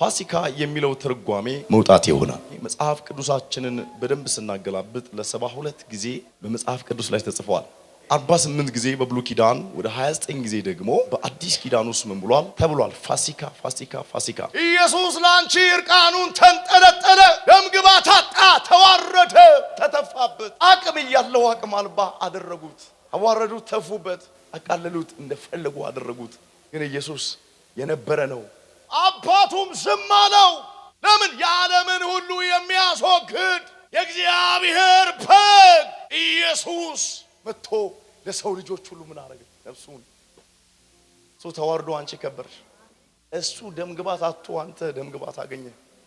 ፋሲካ የሚለው ትርጓሜ መውጣት ይሆናል። መጽሐፍ ቅዱሳችንን በደንብ ስናገላብጥ ለሰባ ሁለት ጊዜ በመጽሐፍ ቅዱስ ላይ ተጽፏል። 48 ጊዜ በብሉ ኪዳን፣ ወደ 29 ጊዜ ደግሞ በአዲስ ኪዳን ውስጥ ምን ብሏል ተብሏል? ፋሲካ ፋሲካ ፋሲካ። ኢየሱስ ለአንቺ እርቃኑን ተንጠለጠለ፣ ደምግባ ታጣ፣ ተዋረደ፣ ተተፋበት። አቅም እያለው አቅም አልባ አደረጉት፣ አዋረዱት፣ ተፉበት፣ አቃለሉት፣ እንደፈለጉ አደረጉት። ግን ኢየሱስ የነበረ ነው አባቱም ዝም አለው። ለምን? የዓለምን ሁሉ የሚያስወግድ የእግዚአብሔር በግ ኢየሱስ መጥቶ ለሰው ልጆች ሁሉ ምን አረገ? ነፍሱን እሱ ተዋርዶ፣ አንቺ ከበርሽ። እሱ ደም ግባት አቶ አንተ ደምግባት አገኘ።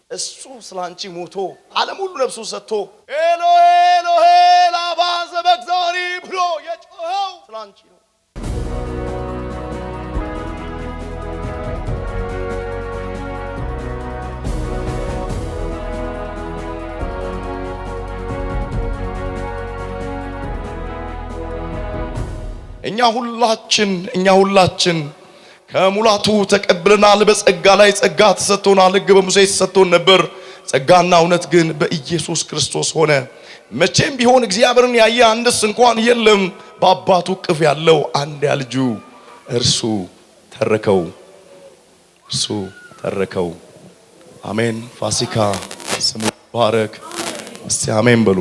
እሱ ስለ አንቺ ሞቶ ዓለም ሁሉ ነፍሱ ሰጥቶ ኤሎሄ ኤሎሄ ላማ ሰበቅታኒ ብሎ የጮኸው ስለ አንቺ ነው። እኛ ሁላችን እኛ ሁላችን ከሙላቱ ተቀብለናል። በጸጋ ላይ ጸጋ ተሰጥቶናል። ሕግ በሙሴ ተሰጥቶን ነበር። ጸጋና እውነት ግን በኢየሱስ ክርስቶስ ሆነ። መቼም ቢሆን እግዚአብሔርን ያየ አንድስ እንኳን የለም። በአባቱ እቅፍ ያለው አንድ ያልጁ እርሱ ተረከው፣ እርሱ ተረከው። አሜን። ፋሲካ ስሙ ባረክ። እስቲ አሜን በሉ።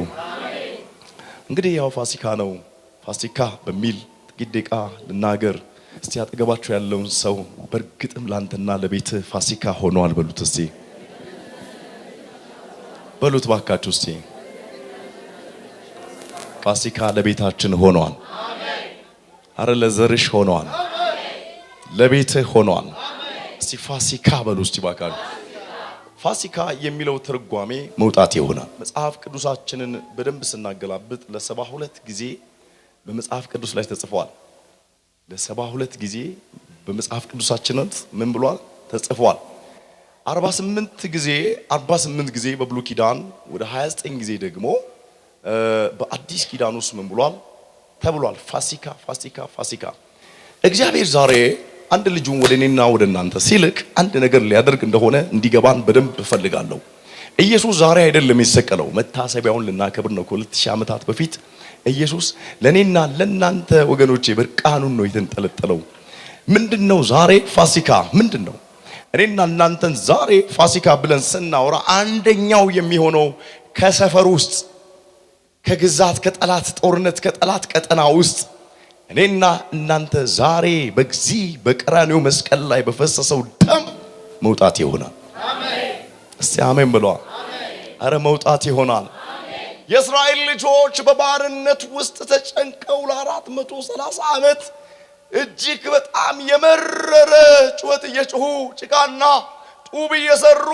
እንግዲህ ያው ፋሲካ ነው። ፋሲካ በሚል ግዴቃ ደቂቃ ልናገር። እስቲ አጠገባችሁ ያለውን ሰው በእርግጥም ላንተና ለቤት ፋሲካ ሆኗል በሉት። እስቲ በሉት ባካችሁ። እስቲ ፋሲካ ለቤታችን ሆኗል። አረ ለዘርሽ ሆኗል፣ ለቤት ሆኗል። እስቲ ፋሲካ በሉ እስቲ ባካችሁ። ፋሲካ የሚለው ትርጓሜ መውጣት ይሆናል። መጽሐፍ ቅዱሳችንን በደንብ ስናገላብጥ ለሰባ ሁለት ጊዜ በመጽሐፍ ቅዱስ ላይ ተጽፏል። ለሰባ ሁለት ጊዜ በመጽሐፍ ቅዱሳችን ምን ብሏል? ተጽፏል። 48 ጊዜ 48 ጊዜ በብሉይ ኪዳን ወደ 29 ጊዜ ደግሞ በአዲስ ኪዳን ውስጥ ምን ብሏል ተብሏል። ፋሲካ ፋሲካ ፋሲካ። እግዚአብሔር ዛሬ አንድ ልጁን ወደ እኔና ወደ እናንተ ሲልክ አንድ ነገር ሊያደርግ እንደሆነ እንዲገባን በደንብ እፈልጋለሁ። ኢየሱስ ዛሬ አይደለም የተሰቀለው፣ መታሰቢያውን ልናከብር ነው። ከሁለት ሺህ ዓመታት በፊት ኢየሱስ ለእኔና ለእናንተ ወገኖቼ በርቃኑን ነው የተንጠለጠለው። ምንድን ነው ዛሬ ፋሲካ ምንድን ነው? እኔና እናንተን ዛሬ ፋሲካ ብለን ስናወራ አንደኛው የሚሆነው ከሰፈር ውስጥ ከግዛት ከጠላት ጦርነት ከጠላት ቀጠና ውስጥ እኔና እናንተ ዛሬ በዚህ በቀራኔው መስቀል ላይ በፈሰሰው ደም መውጣት ይሆናል። እስቲ አሜን ብሏል። አረ መውጣት ይሆናል። የእስራኤል ልጆች በባርነት ውስጥ ተጨንቀው ለአራት መቶ ሰላሳ ዓመት እጅግ በጣም የመረረ ጩኸት እየጮሁ ጭቃና ጡብ እየሰሩ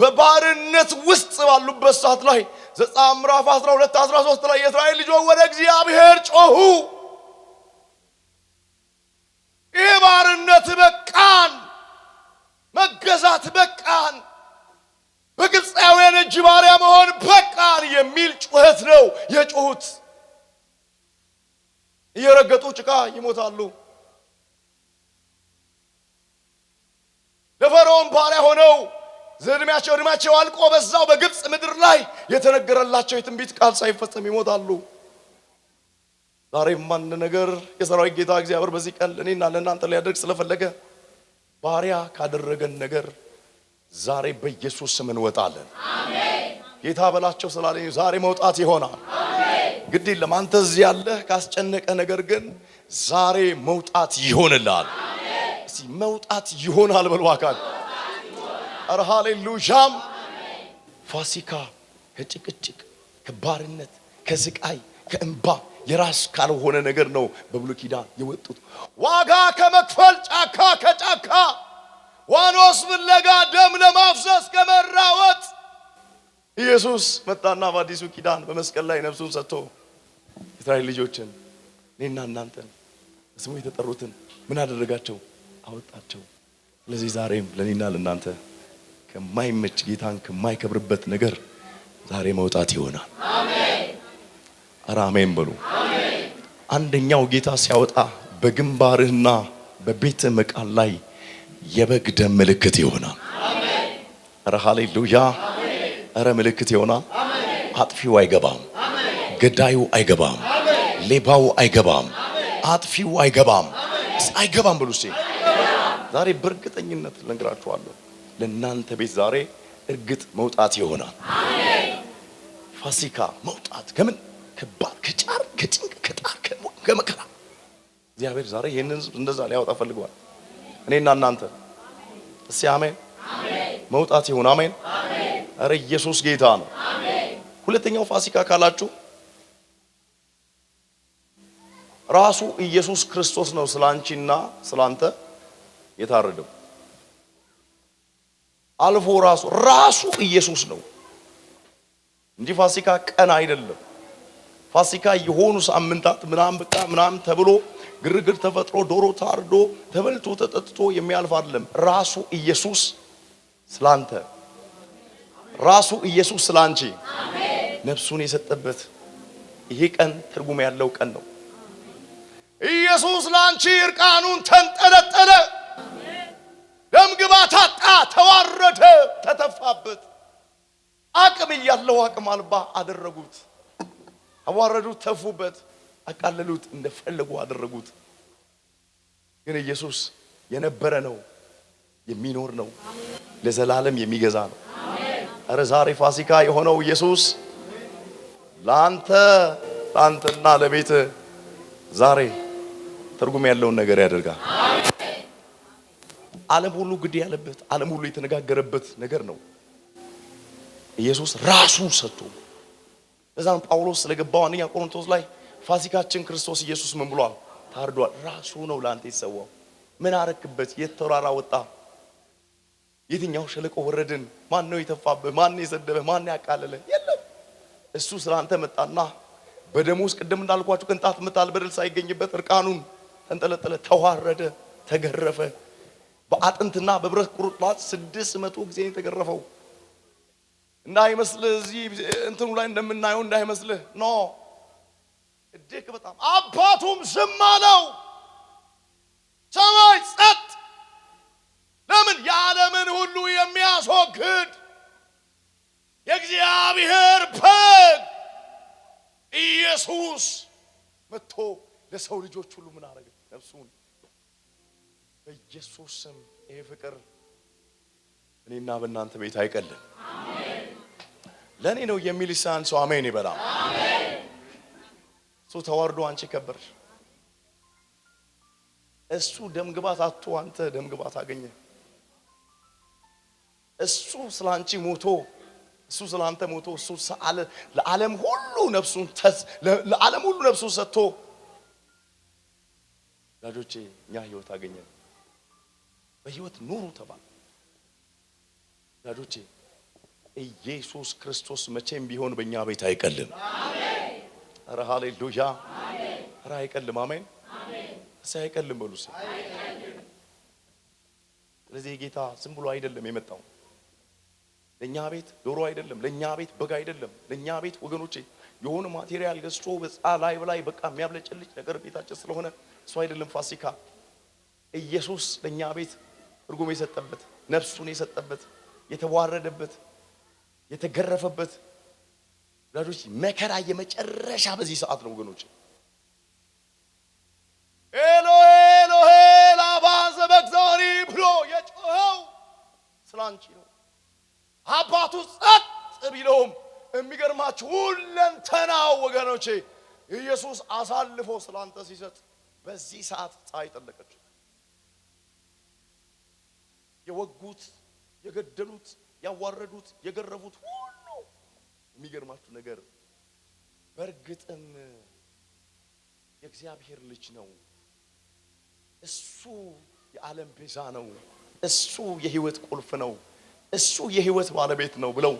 በባርነት ውስጥ ባሉበት ሰዓት ላይ ዘጸአት ምዕራፍ 12 13 ላይ የእስራኤል ልጆች ወደ እግዚአብሔር ጮሁ። ይህ ባርነት በቃን፣ መገዛት በቃን በግብፃውያን እጅ ባሪያ መሆን በቃል የሚል ጩኸት ነው የጮሁት። እየረገጡ ጭቃ ይሞታሉ። ለፈርዖን ባሪያ ሆነው ዘእድሜያቸው እድሜያቸው አልቆ በዛው በግብፅ ምድር ላይ የተነገረላቸው የትንቢት ቃል ሳይፈጸም ይሞታሉ። ዛሬም አንድ ነገር የሰራዊት ጌታ እግዚአብሔር በዚህ ቀን ለእኔና ለእናንተ ሊያደርግ ስለፈለገ ባሪያ ካደረገን ነገር ዛሬ በኢየሱስ ስም እንወጣለን። ጌታ በላቸው ስላለኝ ዛሬ መውጣት ይሆናል። ግድ የለም አንተ እዚህ ያለህ ካስጨነቀ ነገር ግን ዛሬ መውጣት ይሆንላል። እስቲ መውጣት ይሆናል በልዋካል። ኧረ ሃሌሉያም ፋሲካ ከጭቅጭቅ ከባርነት ከስቃይ ከእንባ የራስ ካልሆነ ነገር ነው በብሉይ ኪዳን የወጡት ዋጋ ከመክፈል ጫካ ከጫካ ዋኖስ ፍለጋ ደም ለማፍሰስ ከመራወጥ ኢየሱስ መጣና በአዲሱ ኪዳን በመስቀል ላይ ነፍሱን ሰጥቶ እስራኤል ልጆችን እኔና እናንተን ስሙ የተጠሩትን ምን አደረጋቸው? አወጣቸው። ስለዚህ ዛሬም ለእኔና ለእናንተ ከማይመች ጌታን ከማይከብርበት ነገር ዛሬ መውጣት ይሆናል። ኧረ አሜን በሉ። አንደኛው ጌታ ሲያወጣ በግንባርህና በቤተ መቃል ላይ የበግ ደም ምልክት ይሆናል። ረ ሃሌሉያ! ረ ምልክት ይሆናል። አጥፊው አይገባም፣ ገዳዩ አይገባም፣ ሌባው አይገባም፣ አጥፊው አይገባም፣ አይገባም ብሉ። ዛሬ በእርግጠኝነት ልነግራችኋለሁ ለእናንተ ቤት ዛሬ እርግጥ መውጣት ይሆናል። ፋሲካ መውጣት ከምን ከባድ ከጫር ከጭንቅ ከጣር ከመከራ እግዚአብሔር ዛሬ ይህንን እንደዛ ሊያወጣ ፈልገዋል። እኔና እናንተ እስቲ አሜን መውጣት ይሁን። አሜን። እረ ኢየሱስ ጌታ ነው። ሁለተኛው ፋሲካ ካላችሁ ራሱ ኢየሱስ ክርስቶስ ነው ስላንቺና ስላንተ የታረደው አልፎ ራሱ ራሱ ኢየሱስ ነው እንጂ ፋሲካ ቀን አይደለም። ፋሲካ የሆኑ ሳምንታት ምናም በቃ ምናም ተብሎ ግርግር ተፈጥሮ ዶሮ ታርዶ ተበልቶ ተጠጥቶ የሚያልፍ አይደለም። ራሱ ኢየሱስ ስላንተ፣ ራሱ ኢየሱስ ስላንቺ ነፍሱን የሰጠበት ይሄ ቀን ትርጉም ያለው ቀን ነው። ኢየሱስ ላንቺ እርቃኑን ተንጠለጠለ፣ ደምግባት ታጣ፣ ተዋረደ፣ ተተፋበት። አቅም እያለው አቅም አልባ አደረጉት፣ አዋረዱት፣ ተፉበት። አቃለሉት፣ እንደፈለጉ አደረጉት። ግን ኢየሱስ የነበረ ነው፣ የሚኖር ነው፣ ለዘላለም የሚገዛ ነው። እረ ዛሬ ፋሲካ የሆነው ኢየሱስ ለአንተ ለአንተና ለቤት ዛሬ ትርጉም ያለውን ነገር ያደርጋል። ዓለም ሁሉ ግድ ያለበት ዓለም ሁሉ የተነጋገረበት ነገር ነው። ኢየሱስ ራሱ ሰጥቶ በዛም ጳውሎስ ስለገባው አንደኛ ቆሮንቶስ ላይ ፋሲካችን ክርስቶስ ኢየሱስ ምን ብሏል? ታርዷል። ራሱ ነው ለአንተ የተሰዋው። ምን አረክበት? የት ተራራ ወጣ? የትኛው ሸለቆ ወረድን? ማን ነው የተፋብህ? ማን ነው የሰደበህ? ማን ያቃለለ? የለም። እሱ ስለ አንተ መጣና በደሙ ውስጥ ቅድም እንዳልኳችሁ ቅንጣት ምታል በደል ሳይገኝበት እርቃኑን ተንጠለጠለ፣ ተዋረደ፣ ተገረፈ። በአጥንትና በብረት ቁርጥራጭ ስድስት መቶ ጊዜ የተገረፈው። እንዳይመስልህ እዚህ እንትኑ ላይ እንደምናየው እንዳይመስልህ ኖ እድክ በጣም አባቱም ዝም አለው። ሰማይ ጸጥ። ለምን? የዓለምን ሁሉ የሚያስወግድ የእግዚአብሔር በግ ኢየሱስ መጥቶ ለሰው ልጆች ሁሉ ምን አረገ? ነፍሱን በኢየሱስ ስም። ይሄ ፍቅር እኔና በእናንተ ቤት አይቀልም። ለእኔ ነው የሚል ሰው አሜን ይበላል። እሱ ተዋርዶ አንቺ ከበርሽ። እሱ ደምግባት አቶ አንተ ደምግባት አገኘ። እሱ ስለ አንቺ ሞቶ እሱ ስለ አንተ ሞቶ እሱ ለዓለም ሁሉ ነፍሱን ለዓለም ሁሉ ነፍሱን ሰጥቶ ወዳጆቼ እኛ ህይወት አገኘ። በህይወት ኑሩ ተባለ። ወዳጆቼ ኢየሱስ ክርስቶስ መቼም ቢሆን በእኛ ቤት አይቀልም። ኧረ ሃሌሉያ! ኧረ አይቀልም። አሜን። ብሉ አይቀልም በሉ። ስለዚህ ጌታ ዝም ብሎ አይደለም የመጣው ለእኛ ቤት ዶሮ አይደለም፣ ለእኛ ቤት በግ አይደለም፣ ለእኛ ቤት ወገኖቼ የሆነ ማቴሪያል ገዝቶ በፃ ላይ ላይ በቃ የሚያብለጭልጭ ነገር ቤታችን ስለሆነ እሱ አይደለም። ፋሲካ ኢየሱስ ለእኛ ቤት ትርጉም የሰጠበት ነፍሱን የሰጠበት የተዋረደበት የተገረፈበት ወዳጆች መከራ የመጨረሻ በዚህ ሰዓት ነው ወገኖች። ኤሎሄ ኤሎሄ ላማ ሰበቅታኒ ብሎ የጮኸው ስላንቺ ነው። አባቱ ጸጥ ቢለውም የሚገርማችሁ ሁለንተናው ወገኖቼ ኢየሱስ አሳልፎ ስላንተ ሲሰጥ በዚህ ሰዓት ፀሐይ ጠለቀች። የወጉት፣ የገደሉት፣ ያዋረዱት፣ የገረፉት የሚገርማችሁ ነገር በእርግጥም የእግዚአብሔር ልጅ ነው። እሱ የዓለም ቤዛ ነው። እሱ የህይወት ቁልፍ ነው። እሱ የህይወት ባለቤት ነው ብለው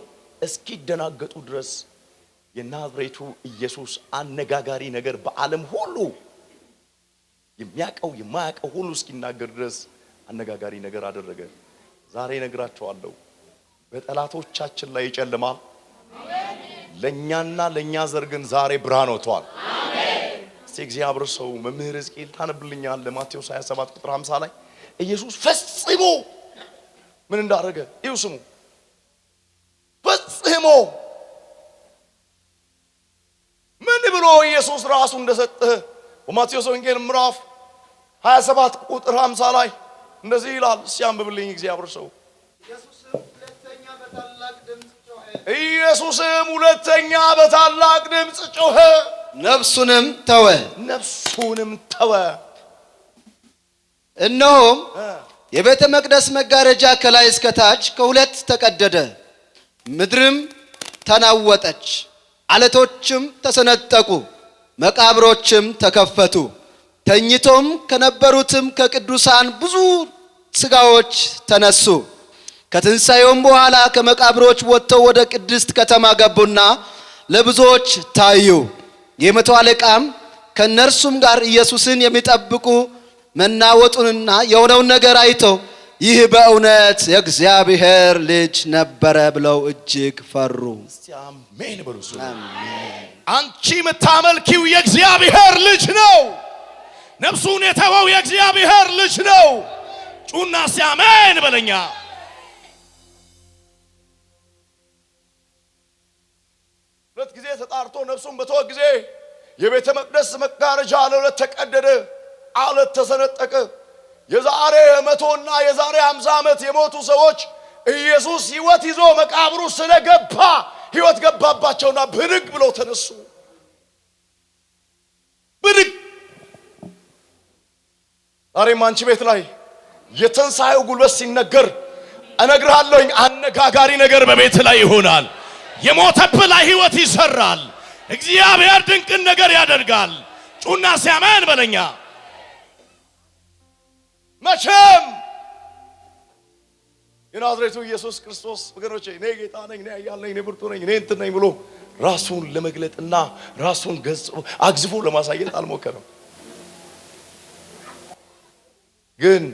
እስኪደናገጡ ድረስ የናዝሬቱ ኢየሱስ አነጋጋሪ ነገር በዓለም ሁሉ የሚያውቀው የማያውቀው ሁሉ እስኪናገር ድረስ አነጋጋሪ ነገር አደረገ። ዛሬ ነግራቸዋለሁ፣ በጠላቶቻችን ላይ ይጨልማል ለእኛና ለእኛ ዘር ግን ዛሬ ብርሃን ወጥቷል። እስቲ እግዚአብሔር ሰው መምህር ሕዝቅኤል ታነብልኛል ለማቴዎስ 27 ቁጥር 50 ላይ ኢየሱስ ፈጽሞ ምን እንዳደረገ ይሁ ስሙ። ፈጽሞ ምን ብሎ ኢየሱስ ራሱ እንደሰጠ በማቴዎስ ወንጌል ምዕራፍ 27 ቁጥር 50 ላይ እንደዚህ ይላል። ሲያንብብልኝ እግዚአብሔር ሰው ኢየሱስም ሁለተኛ በታላቅ ድምፅ ጮኸ፣ ነፍሱንም ተወ ነፍሱንም ተወ። እነሆም የቤተ መቅደስ መጋረጃ ከላይ እስከ ታች ከሁለት ተቀደደ፣ ምድርም ተናወጠች፣ አለቶችም ተሰነጠቁ፣ መቃብሮችም ተከፈቱ፣ ተኝቶም ከነበሩትም ከቅዱሳን ብዙ ስጋዎች ተነሱ። ከትንሣኤውም በኋላ ከመቃብሮች ወጥተው ወደ ቅድስት ከተማ ገቡና ለብዙዎች ታዩ። የመቶ አለቃም ከእነርሱም ጋር ኢየሱስን የሚጠብቁ መናወጡንና የሆነውን ነገር አይቶ ይህ በእውነት የእግዚአብሔር ልጅ ነበረ ብለው እጅግ ፈሩ። አንቺ የምታመልኪው የእግዚአብሔር ልጅ ነው። ነፍሱን የተወው የእግዚአብሔር ልጅ ነው። ጩና ሲያሜን በለኛ ሁለት ጊዜ ተጣርቶ ነፍሱን በተወ ጊዜ የቤተ መቅደስ መጋረጃ ለሁለት ተቀደደ፣ አለት ተሰነጠቀ። የዛሬ መቶና የዛሬ ሃምሳ ዓመት የሞቱ ሰዎች ኢየሱስ ሕይወት ይዞ መቃብሩ ስለገባ ሕይወት ገባባቸውና ብድግ ብለው ተነሱ። ብድግ ዛሬም አንቺ ቤት ላይ የትንሣኤው ጉልበት ሲነገር እነግርሃለሁኝ አነጋጋሪ ነገር በቤት ላይ ይሆናል። የሞተብህ ላይ ህይወት ይሰራል። እግዚአብሔር ድንቅን ነገር ያደርጋል። ጩና ሲያመን በለኛ መቼም የናዝሬቱ ኢየሱስ ክርስቶስ ወገኖቼ፣ እኔ ጌታ ነኝ፣ እኔ ኃያል ነኝ፣ እኔ ብርቱ ነኝ፣ እኔ እንትን ነኝ ብሎ ራሱን ለመግለጥና ራሱን ገጽ አግዝፎ ለማሳየት አልሞከረም። ግን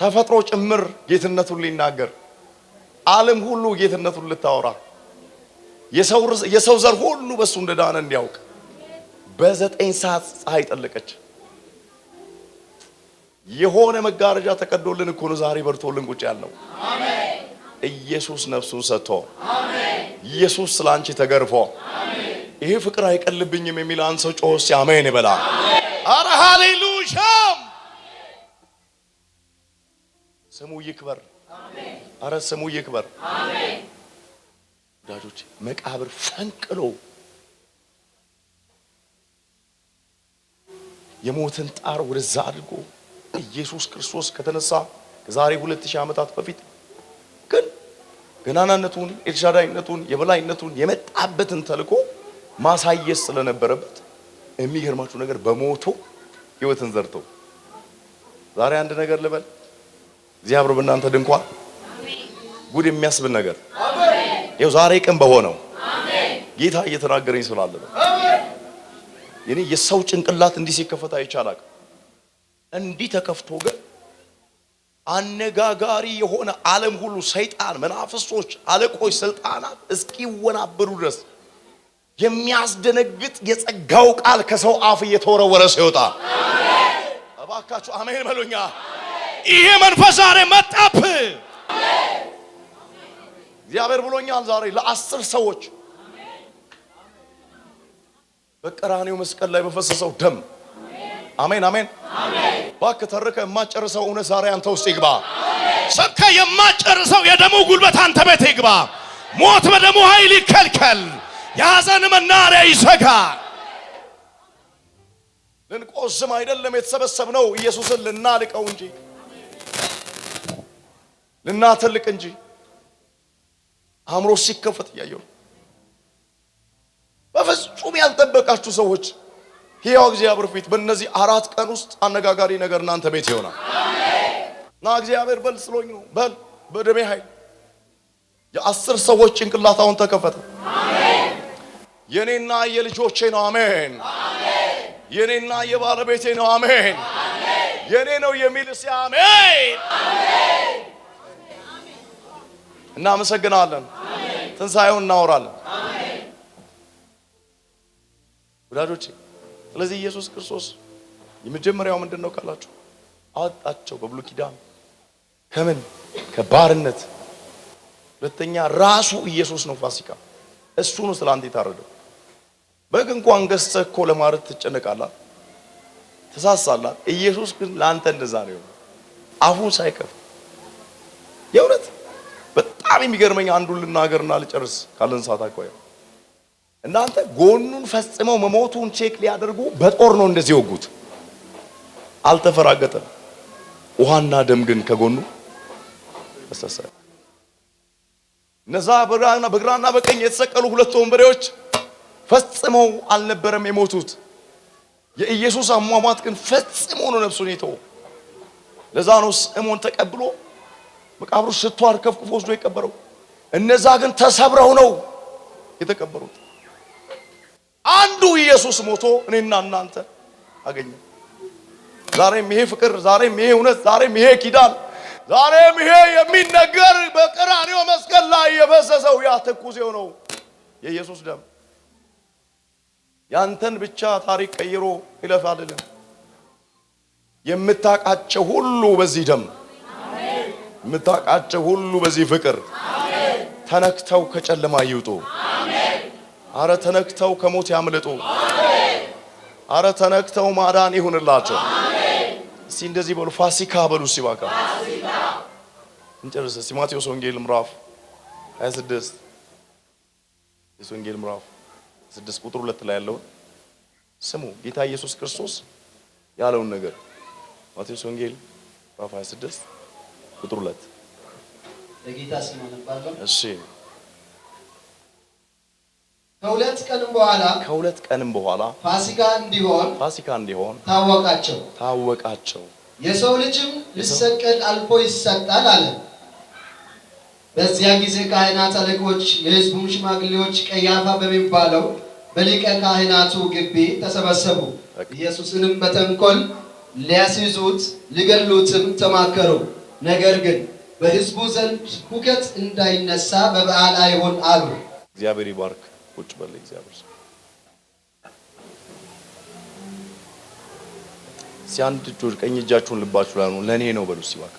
ተፈጥሮ ጭምር ጌትነቱን ሊናገር ዓለም ሁሉ ጌትነቱን ልታወራ የሰው ዘር ሁሉ በእሱ እንደዳነ እንዲያውቅ በዘጠኝ ሰዓት ፀሐይ ጠለቀች። የሆነ መጋረጃ ተቀዶልን እኮ ነው ዛሬ በርቶልን ቁጭ ያልነው። ኢየሱስ ነፍሱን ሰጥቶ ኢየሱስ ስለ አንቺ ተገርፎ ይሄ ፍቅር አይቀልብኝም የሚል አንድ ሰው ጮስ አሜን ይበላ። አረ ሃሌሉያ! ስሙ ይክበር። አረ ስሙ ይክበር። ወዳጆች መቃብር ፈንቅሎ የሞትን ጣር ወደዛ አድርጎ ኢየሱስ ክርስቶስ ከተነሳ ከዛሬ 2000 ዓመታት በፊት ግን ገናናነቱን ኤልሻዳይነቱን የበላይነቱን የመጣበትን ተልዕኮ ማሳየት ስለነበረበት የሚገርማችሁ ነገር በሞቱ ህይወትን ዘርቶ ዛሬ አንድ ነገር ልበል፣ እዚህ በእናንተ ድንኳን ጉድ የሚያስብል ነገር ይኸው ዛሬ ቀን በሆነው ጌታ እየተናገረኝ ስላለ ነው። የኔ የሰው ጭንቅላት እንዲህ ሲከፈት አይቻላል። እንዲህ ተከፍቶ ግን አነጋጋሪ የሆነ ዓለም ሁሉ ሰይጣን፣ መናፍስቶች፣ አለቆች፣ ስልጣናት እስኪወናበዱ ድረስ የሚያስደነግጥ የጸጋው ቃል ከሰው አፍ እየተወረወረ ሲወጣ እባካችሁ አሜን በሉኛ። ይሄ መንፈስ ዛሬ መጣብህ። እግዚአብሔር ብሎኛል ዛሬ ለአስር ሰዎች በቀራኔው መስቀል ላይ በፈሰሰው ደም አሜን አሜን። ባክ ተርከ የማጨርሰው እውነት ዛሬ አንተ ውስጥ ይግባ። ሰብከ የማጨርሰው የደሙ ጉልበት አንተ ቤት ይግባ። ሞት በደሙ ኃይል ይከልከል። የሐዘን መናሪያ ይዘጋ። ልንቆዝም አይደለም የተሰበሰብነው ኢየሱስን ልናልቀው እንጂ ልናተልቅ እንጂ አእምሮ ሲከፈት እያየው በፍጹም ያልጠበቃችሁ ሰዎች ሕያው እግዚአብሔር ፊት በእነዚህ አራት ቀን ውስጥ አነጋጋሪ ነገር እናንተ ቤት ይሆናል። ና እግዚአብሔር በል ስሎኝ ነው በል በደሜ ኃይል የአስር ሰዎች ጭንቅላት አሁን ተከፈተ። የኔና የልጆቼ ነው። አሜን። የኔና የባለቤቴ ነው። አሜን። የኔ ነው የሚል አሜን። እና አመሰግናለን። ትንሣኤውን እናወራለን ወዳጆቼ። ስለዚህ ኢየሱስ ክርስቶስ የመጀመሪያው ምንድን ነው ካላችሁ አወጣቸው በብሉ ኪዳን ከምን ከባርነት። ሁለተኛ ራሱ ኢየሱስ ነው ፋሲካ። እሱ ነው ስለ አንተ የታረደው። በግ እንኳን ገዝተህ እኮ ለማረድ ትጨነቃለህ፣ ተሳሳላል። ኢየሱስ ግን ለአንተ እንደዛ ነው አፉን ሳይከፍት የእውነት በጣም የሚገርመኝ አንዱን ልናገርና ልጨርስ ካለን ሰዓት አኳያ እናንተ ጎኑን ፈጽመው መሞቱን ቼክ ሊያደርጉ በጦር ነው እንደዚህ የወጉት። አልተፈራገጠም። ውሃና ደም ግን ከጎኑ ፈሰሰ። እነዛ በግራና በቀኝ የተሰቀሉ ሁለት ወንበሬዎች ፈጽመው አልነበረም የሞቱት። የኢየሱስ አሟሟት ግን ፈጽሞ ነው ነፍሱን የተወው። ለዛ ነው ስምዖን ተቀብሎ መቃብሩ ስቶ አርከፍክፎ ወስዶ የቀበረው። እነዛ ግን ተሰብረው ነው የተቀበሩት። አንዱ ኢየሱስ ሞቶ እኔና እናንተ አገኘ። ዛሬም ይሄ ፍቅር፣ ዛሬም ይሄ እውነት፣ ዛሬም ይሄ ኪዳን፣ ዛሬም ይሄ የሚነገር በቀራንዮ መስቀል ላይ የፈሰሰው ያ ትኩስ የሆነው የኢየሱስ ደም ያንተን ብቻ ታሪክ ቀይሮ ይለፍ አይደለም። የምታውቃቸው ሁሉ በዚህ ደም የምታውቃቸው ሁሉ በዚህ ፍቅር ተነክተው ከጨለማ ይውጡ። አረ ተነክተው ከሞት ያምልጡ። አረ ተነክተው ማዳን ይሁንላቸው። እስቲ እንደዚህ በሉ ፋሲካ በሉ። ሲባካ ባካ እንጨርስ። እስቲ ማቴዎስ ወንጌል ምዕራፍ 26 ማቴዎስ ወንጌል ምዕራፍ 6 ቁጥር 2 ላይ ያለውን ስሙ። ጌታ ኢየሱስ ክርስቶስ ያለውን ነገር ማቴዎስ ወንጌል ምዕራፍ 26 ቁጥር ሁለት ለጌታ ስም እሺ ከሁለት ቀንም በኋላ ከሁለት ቀንም በኋላ ፋሲካ እንዲሆን ፋሲካ እንዲሆን ታወቃቸው ታወቃቸው የሰው ልጅም ሊሰቀል አልፎ ይሰጣል አለ። በዚያ ጊዜ ካህናት አለቆች፣ የሕዝቡም ሽማግሌዎች ቀያፋ በሚባለው በሊቀ ካህናቱ ግቢ ተሰበሰቡ። ኢየሱስንም በተንኮል ሊያስይዙት ሊገሉትም ተማከሩ። ነገር ግን በህዝቡ ዘንድ ሁከት እንዳይነሳ በበዓል አይሆን አሉ። እግዚአብሔር ይባርክ። ቁጭ በል። እግዚአብሔር ሲያንድ እጆች ቀኝ እጃችሁን ልባችሁ ላይ ነው። ለእኔ ነው በሉ ሲባክ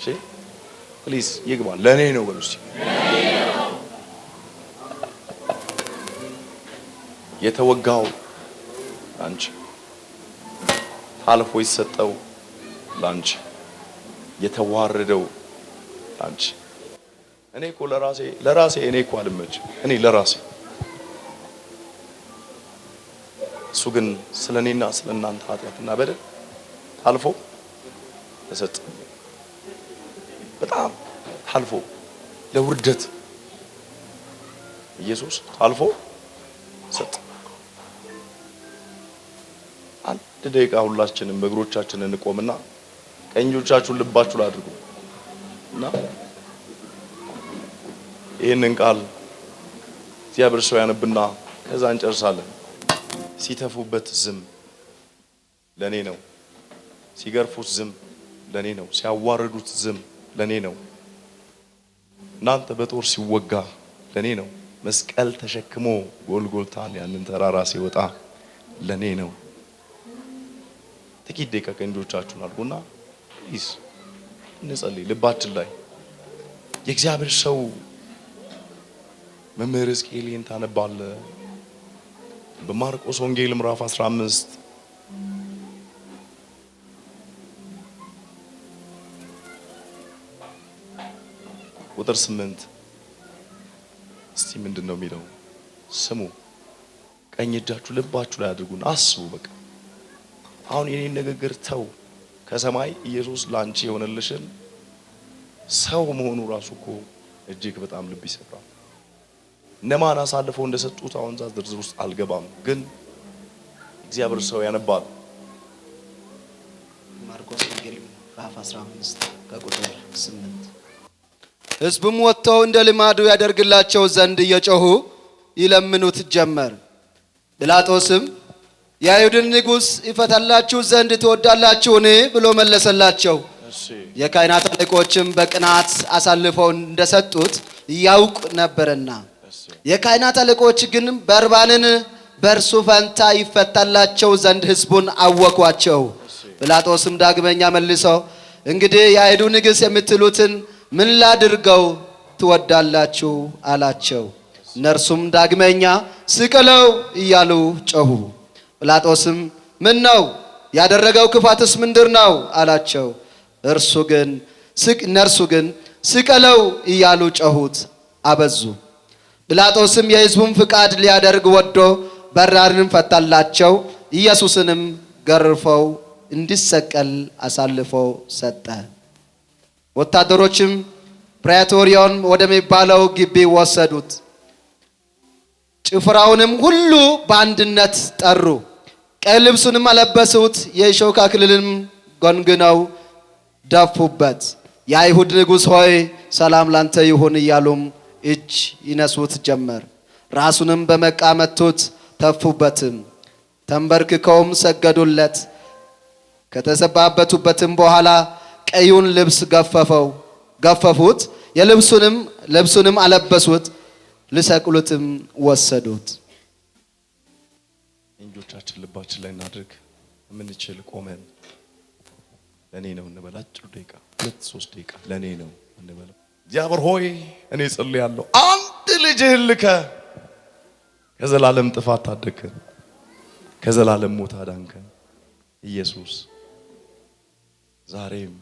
እሺ ፕሊዝ ይግባ። ለእኔ ነው በሉ ሲ የተወጋው አንቺ አልፎ ይሰጠው ላንቺ፣ የተዋረደው ላንቺ። እኔ እኮ ለራሴ ለራሴ እኔ እኮ አልመች እኔ ለራሴ እሱ ግን ስለ እኔና ስለ እናንተ ኃጢአትና በደል ታልፎ ተሰጠ። በጣም ታልፎ ለውርደት ኢየሱስ ታልፎ ሰጠ። ደቂቃ ሁላችንም በእግሮቻችን እንቆምና ቀኞቻችሁን ልባችሁ ላይ አድርጉ እና ይህንን ቃል እግዚአብሔር ሰው ያነብና ከዛ እንጨርሳለን። ሲተፉበት ዝም ለኔ ነው። ሲገርፉት ዝም ለኔ ነው። ሲያዋርዱት ዝም ለኔ ነው። እናንተ በጦር ሲወጋ ለኔ ነው። መስቀል ተሸክሞ ጎልጎልታን ያንን ተራራ ሲወጣ ለኔ ነው። ጥቂት ደቂቃ ቀንዶቻችሁን አድርጎና ፕሊዝ እንጸልይ። ልባችን ላይ የእግዚአብሔር ሰው መምህር ሕዝቅኤልን ታነባለ። በማርቆስ ወንጌል ምዕራፍ 15 ቁጥር 8 እስቲ ምንድን ነው የሚለው? ስሙ፣ ቀኝ እጃችሁ ልባችሁ ላይ አድርጉን፣ አስቡ በቃ አሁን የኔን ንግግር ተው። ከሰማይ ኢየሱስ ላንቺ የሆነልሽን ሰው መሆኑ ራሱ እኮ እጅግ በጣም ልብ ይሰብራል። እነማን አሳልፈው እንደሰጡት አሁን ዛ ዝርዝር ውስጥ አልገባም፣ ግን እግዚአብሔር ሰው ያነባል። ማርቆስ ወንጌል ምዕራፍ 15 ከቁጥር 8 ሕዝቡም ወጥተው እንደ ልማዱ ያደርግላቸው ዘንድ እየጮሁ ይለምኑት ጀመር። ጲላጦስም የአይሁድን ንጉሥ ይፈታላችሁ ዘንድ ትወዳላችሁን ብሎ መለሰላቸው። የካህናት አለቆችም በቅናት አሳልፈው እንደሰጡት ያውቅ ነበርና፣ የካህናት አለቆች ግን በርባንን በእርሱ ፈንታ ይፈታላቸው ዘንድ ሕዝቡን አወኳቸው። ጲላጦስም ዳግመኛ መልሶ እንግዲህ የአይዱ ንግሥ የምትሉትን ምን ላድርገው ትወዳላችሁ አላቸው። እነርሱም ዳግመኛ ስቀለው እያሉ ጮኹ። ጲላጦስም ምን ነው ያደረገው ክፋትስ ምንድር ነው አላቸው። እርሱ ግን እነርሱ ግን ስቀለው እያሉ ጮሁት አበዙ። ጲላጦስም የሕዝቡን ፍቃድ ሊያደርግ ወዶ በራርን ፈታላቸው። ኢየሱስንም ገርፈው እንዲሰቀል አሳልፎ ሰጠ። ወታደሮችም ፕሬቶሪዮን ወደሚባለው ግቢ ወሰዱት። ጭፍራውንም ሁሉ በአንድነት ጠሩ። ቀይ ልብሱንም አለበሱት፣ የእሾህ አክሊልንም ጎንግነው ደፉበት። የአይሁድ ንጉሥ ሆይ ሰላም ላንተ ይሁን እያሉም እጅ ይነሱት ጀመር። ራሱንም በመቃ መቱት፣ ተፉበትም፣ ተንበርክከውም ሰገዱለት። ከተሰባበቱበትም በኋላ ቀዩን ልብስ ገፈፈው ገፈፉት፣ የልብሱንም ልብሱንም አለበሱት ልሰቅሉትም ወሰዱት። እንጆቻችን ልባችን ላይ እናድርግ። የምንችል ቆመን ለእኔ ነው እንበላ አጭር ደቂቃ ሁለት ሶስት ደቂቃ ለእኔ ነው እንበል። እግዚአብሔር ሆይ እኔ ጽል ያለው አንድ ልጅህን ልከ ከዘላለም ጥፋት ታደግከን፣ ከዘላለም ሞት አዳንከን። ኢየሱስ ዛሬም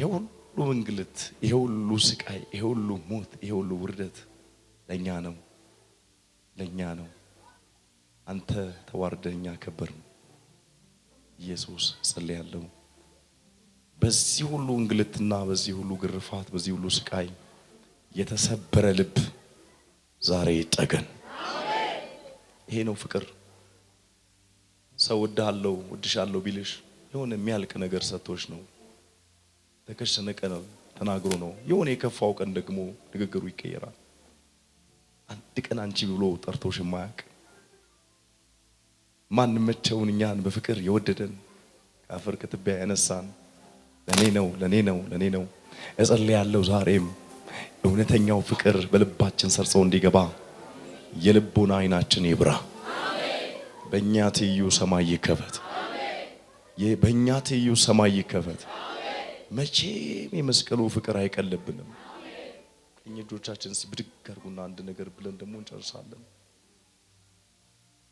ይሁን ሁሉ እንግልት፣ ይሄ ሁሉ ስቃይ፣ ይሄ ሁሉ ሞት፣ ይሄ ሁሉ ውርደት ለእኛ ነው፣ ለእኛ ነው። አንተ ተዋርደኛ ከበር ኢየሱስ ጸልያለሁ። በዚህ ሁሉ እንግልትና በዚህ ሁሉ ግርፋት፣ በዚህ ሁሉ ስቃይ የተሰበረ ልብ ዛሬ ይጠገን። ይሄ ነው ፍቅር። ሰው እወድሃለሁ እወድሻለሁ ቢልሽ የሆነ የሚያልቅ ነገር ሰጥቶሽ ነው ተከሰነ ቀን ተናግሮ ነው። የሆነ የከፋው ቀን ደግሞ ንግግሩ ይቀየራል። አንድ ቀን አንቺ ብሎ ጠርቶሽ የማያውቅ ማን መቼውን እኛን በፍቅር የወደደን ከአፈር ከትቢያ ያነሳን ለኔ ነው ለኔ ነው ለኔ ነው። እጸልያለሁ ዛሬም እውነተኛው ፍቅር በልባችን ሰርጾ እንዲገባ የልቡን አይናችን ይብራ። በእኛ ትይዩ ሰማይ ይከፈት። በእኛ ትይዩ ሰማይ ይከፈት። መቼም የመስቀሉ ፍቅር አይቀልብንም። ቀኝ እጆቻችን ብድግ አድርጉና አንድ ነገር ብለን ደግሞ እንጨርሳለን።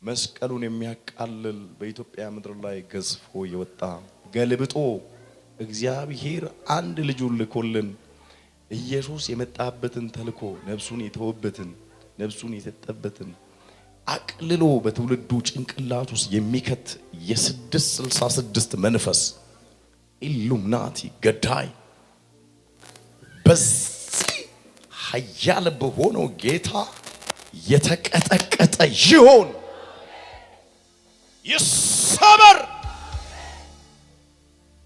መስቀሉን የሚያቃልል በኢትዮጵያ ምድር ላይ ገዝፎ የወጣ ገልብጦ እግዚአብሔር አንድ ልጁን ልኮልን ኢየሱስ የመጣበትን ተልኮ ነፍሱን የተወበትን ነፍሱን የሰጠበትን አቅልሎ በትውልዱ ጭንቅላት ውስጥ የሚከት የስድስት ስልሳ ስድስት መንፈስ ኢሉምናቲ ገዳይ በዚህ ኃያል በሆነው ጌታ የተቀጠቀጠ ይሆን ይሰበር።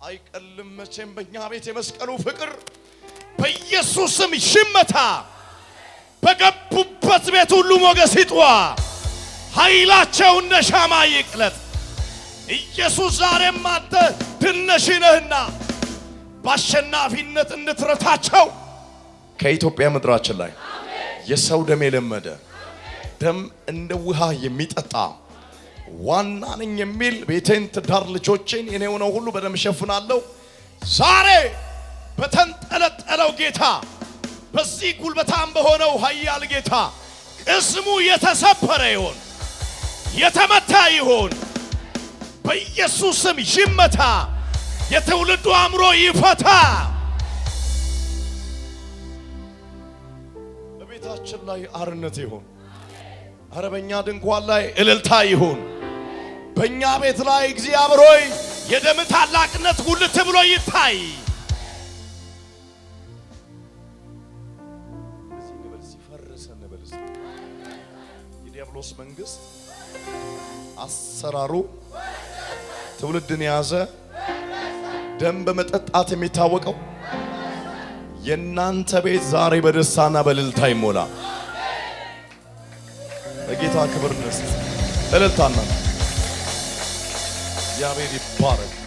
አይቀልም መቼም በእኛ ቤት የመስቀሉ ፍቅር በኢየሱስም ሽመታ በገቡበት ቤት ሁሉ ሞገስ ይጥዋ። ኃይላቸው እንደ ሻማ ይቅለጥ። ኢየሱስ ዛሬም አንተ ድል ነሽ ነህና በአሸናፊነት እንድትረታቸው ከኢትዮጵያ ምድራችን ላይ የሰው ደም የለመደ ደም እንደ ውሃ የሚጠጣ ዋና ነኝ የሚል ቤቴን፣ ትዳር፣ ልጆቼን የኔ የሆነው ሁሉ በደም እሸፍናለሁ። ዛሬ በተንጠለጠለው ጌታ በዚህ ጉልበታም በሆነው ኃያል ጌታ ቅስሙ የተሰበረ ይሆን፣ የተመታ ይሆን። በኢየሱስ ስም ይመታ። የትውልዱ አእምሮ ይፈታ። በቤታችን ላይ አርነት ይሁን። አረ በእኛ ድንኳን ላይ እልልታ ይሁን። በእኛ ቤት ላይ እግዚአብሔር ሆይ የደም ታላቅነት ጉልት ብሎ ይታይ። የዲያብሎስ መንግሥት አሰራሩ ትውልድን የያዘ ደም በመጠጣት የሚታወቀው የእናንተ ቤት ዛሬ በደስታና በልልታ ይሞላ። በጌታ ክብር እንስጥ። እልልታና እግዚአብሔር ይባረግ።